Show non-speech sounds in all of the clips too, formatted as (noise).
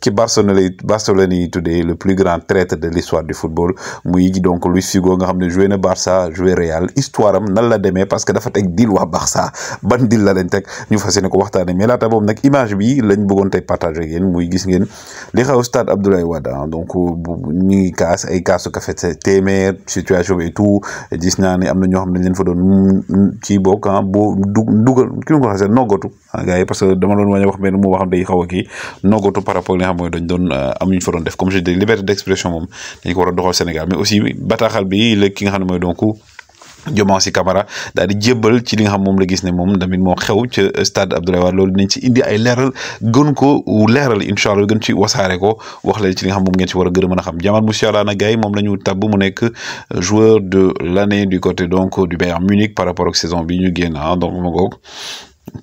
qui (laughs) Barcelone Barcelone yi le plus grand traître de l'histoire du football muy donc Luis Figo nga xamné ne joué na Barça joué Real histoire am nan la demee parce que dafa tek dil wa Barça ban dil la len tek ñu fas yéene ko waxtane mais laata boobu nak image bi lañ bëggoon tey partager ak yéen muy gis ngeen li xew stade Abdoulaye Wade ah. donc euh, ñi kaas ay kaasu café téeméer situation et tout gis naa ne am ñoo xam ne dañ leen fa doon mm, ci bokk ah boo dugal ki nga ko waxee noggatu ah parce que dama doon wañ wax benn mu wax day xaw a kii par rapport à dañ doon euh, am ñu comme je dis liberté d'expression dañ ko Sénégal mais aussi bataaxal bi le ki nga donc Sy Camara daal di ci li nga xam la gis tamit euh, stade Abdoulaye war loolu il ci indi ay ou gën ko leeral incha gën ci wasaare ko wax leen ci li nga xam ci joueur de l'année du côté donc du Bayern Munich par rapport aux saison bi ñu ah, donc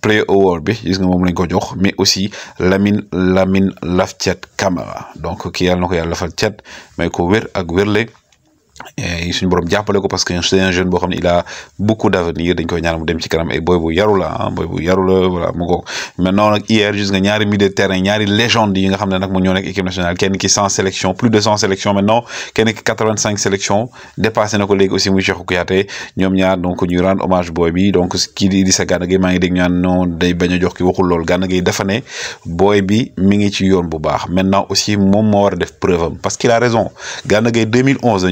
play award bi gis nga lañ mais aussi Lamine Lamine Laftiat Camara donc ki a et eh, suñu borom jàppale ko parce que c'est un jeune bo xam il a beaucoup d'avenir dañ koy ñaan mu dem ci kanam et eh, boy bu yaru la ah, boy bu yaru la voilà mu ngoog maintenant nak hier gis nga ñaari milieu de terrain ñaari légende yi nga xam nak mu ñoo nekk équipe nationale kenn ki 100 sélection plus de 100 sélection maintenant kenn ki 85 sélection dépassé na ko léegi aussi muy Cheikhou Kouyaté ñom ñaar donc ñu rend hommage boy bi donc ki di Idrissa Gana Gueye ma ngi dégg ñaan non day baña jox ki waxul loolu Gana Gueye dafa né boy bi mi ngi ci yoon bu baax maintenant aussi mom mo wara def preuve parce qu'il a raison Gana Gueye 2011 la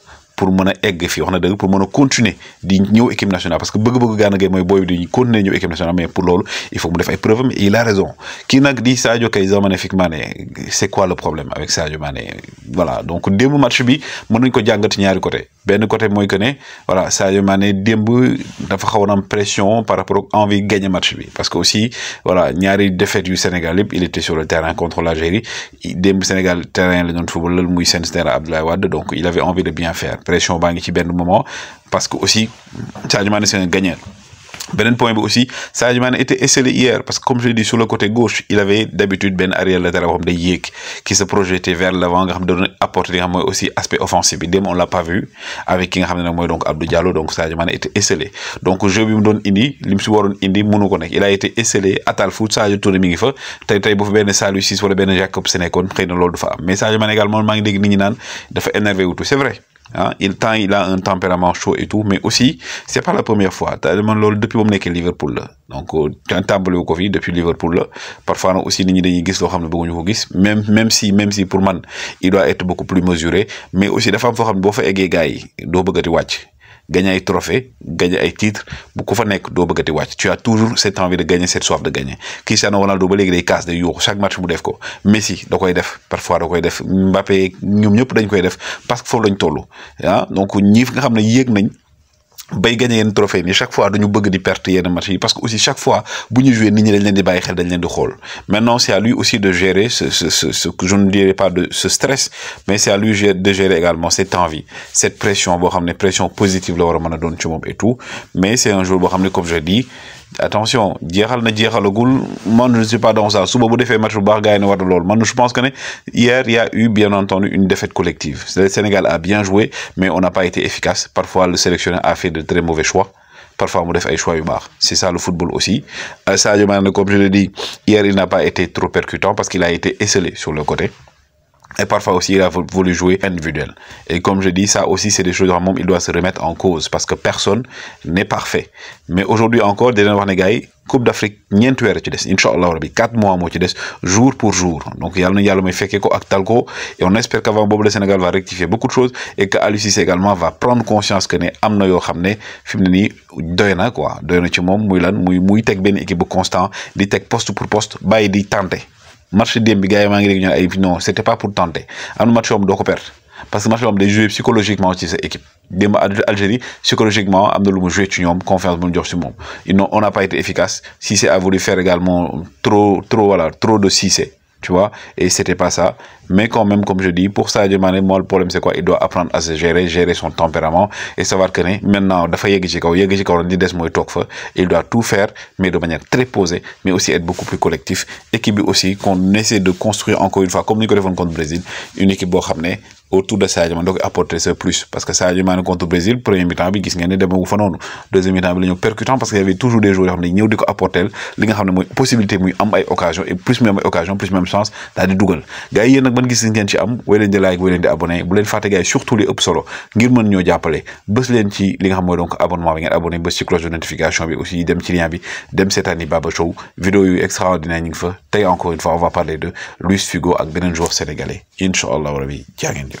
pour mën a egg on a pour mon continuer di ñëw équipe nationale parce que beaucoup bëgg gagne Gueye boy booy di continuer ñëw équipe nationale mais pour loolu il faut mu def ay preuve mais il a raison kii nag di Sadio Kay magnifique Mané c'est quoi le problème avec ça Sadio Mané voilà donc démb matchs bi mën nañ ko jàngat ñaari côté ben côté mooy que ne voilà Sadio Mané démb dafa xawoon pression par rapport à envie gagner match bi parce que aussi voilà ñaari défaite du Sénégal il était sur le terrain contre l'Algérie démb Sénégal terrain la doon football muy seen Abdoulaye Wade donc il avait envie de bien faire pression baa ngi ci ben moment parce que aussi Sadio Mané c'est un gagnant. Benen point aussi, Sadio Mané était excellé hier parce que comme je l'ai dit sur le côté gauche, il avait d'habitude ben arrière latéral de Yek qui se projetait vers l'avant, qui apporter aussi aspect offensif. Dès on l'a pas vu avec qui donc Abdou Diallo donc Sadio Mané était excellé. Donc bi lui donne indi, ci waron indi munu ko nek. Il a été excellé à Talfoot foot Sadio Touré mi ngi fa. Tay tay bu fa ben Salu 6 wala ben Jacob Sénécon xeyna lolou du fa. Mais Sadio Mané également ma ngi dégg nit ñi nan dafa énervé wutu. C'est vrai. Hein, il, il a un tempérament chaud et tout, mais aussi, c'est pas la première fois. Depuis que je Liverpool, là. donc euh, tu as au Covid depuis Liverpool, là. parfois aussi, même, même si, même si pour moi, il doit être beaucoup plus mesuré, mais aussi, la femme, il faut que tu aies des gars, gagner ay trophées gagner ay titres bu ko fa nekk doo bëggati wàcc tu as toujours cette envie de gagner cette soif de gagner Cristiano Ronaldo ba léegi day casse de jour. chaque match bu def ko Messi da koy def parfois da koy def Mbappé ñoom mieux dañ koy def parce que faut le toll ah, donc ñi nga que tu yéeg nañ bay gagné un trophée mais chaque fois dañu bëgg di perte yenn match yi parce que aussi chaque fois bu ñu joué nit ñi dañ leen di bàyyi xel dañ leen di xool maintenant c'est à lui aussi de gérer ce ce ce ce je ne dirais pas de ce stress mais c'est à lui de gérer également cette envie cette pression bo xamné pression positive la war mëna mën doon ci moom et tout mais c'est un jour bo xamné comme je dis attention je ne suis pas dans ça je pense que hier il y a eu bien entendu une défaite collective le Sénégal a bien joué mais on n'a pas été efficace parfois le sélectionneur a fait de très mauvais choix parfois a fait des choix humains c'est ça le football aussi euh, comme je l'ai dit hier il n'a pas été trop percutant parce qu'il a été esselé sur le côté et parfois aussi il a voulu jouer individuel. Et comme je dis, ça aussi c'est des choses vraiment il doit se remettre en cause parce que personne n'est parfait. Mais aujourd'hui encore, des gens qui Coupe d'Afrique ñeenti weer ci des incha rabi quatre mois ci des jour pour jour donc il yàlla na yàlla may fekkee ko ak tal ko et on espère qu'avant boobu le Sénégal va rectifier beaucoup de choses et que Aliou également va prendre conscience que ne am na yoo xam ne fi quoi doy na ci moom muy lan muy muy teg benn équipe bu constant di teg poste pour poste bàyyi di tenter match démb bi gars yi ngi ñu ay non c'était pas pour tenter am match yoo doko perdre parce que match yoo xam day psychologiquement ci sa équipe démb Algérie psychologiquement am na lu mu jouer ci ñom confiance bu jox ci moom non on n'a pas été efficace c'est a voulu faire également trop trop voilà trop de Cissé tu vois et c'était pas ça mais quand même comme je dis pour ça manière. moi le problème c'est quoi il doit apprendre à se gérer gérer son tempérament et savoir que maintenant il doit tout faire mais de manière très posée mais aussi être beaucoup plus collectif équipe aussi qu'on essaie de construire encore une fois comme nous le Brésil une équipe qui autour de Sadio Mané donc apporter ce plus parce que Sadio Mané contre Brésil premier mi-temps bi gis ngeen ne demagul fa noonu deuxième mi-temps bi la percutant parce qu'il y avait toujours des joueurs yoo xam ne apporter li nga xamné moy possibilité muy am ay occasion et plus même occasion plus même chance d'aller di gars yi nak ban gis ngeen ci am way leen di like way leen di abonner bu leen faté gars surtout li ëpp solo ngir mën ñoo jappalé bëss leen ci li nga xam mooy donc abonnement bi ngeen abonné bëss ci cloche de notification bi aussi dem ci lien bi dem seetaan année Baba Show vidéo yu extraordinaire ñu ngi fa tay encore une fois on va parler de Luis Figo ak beneen joueur sénégalais inshallah allah rabi jaa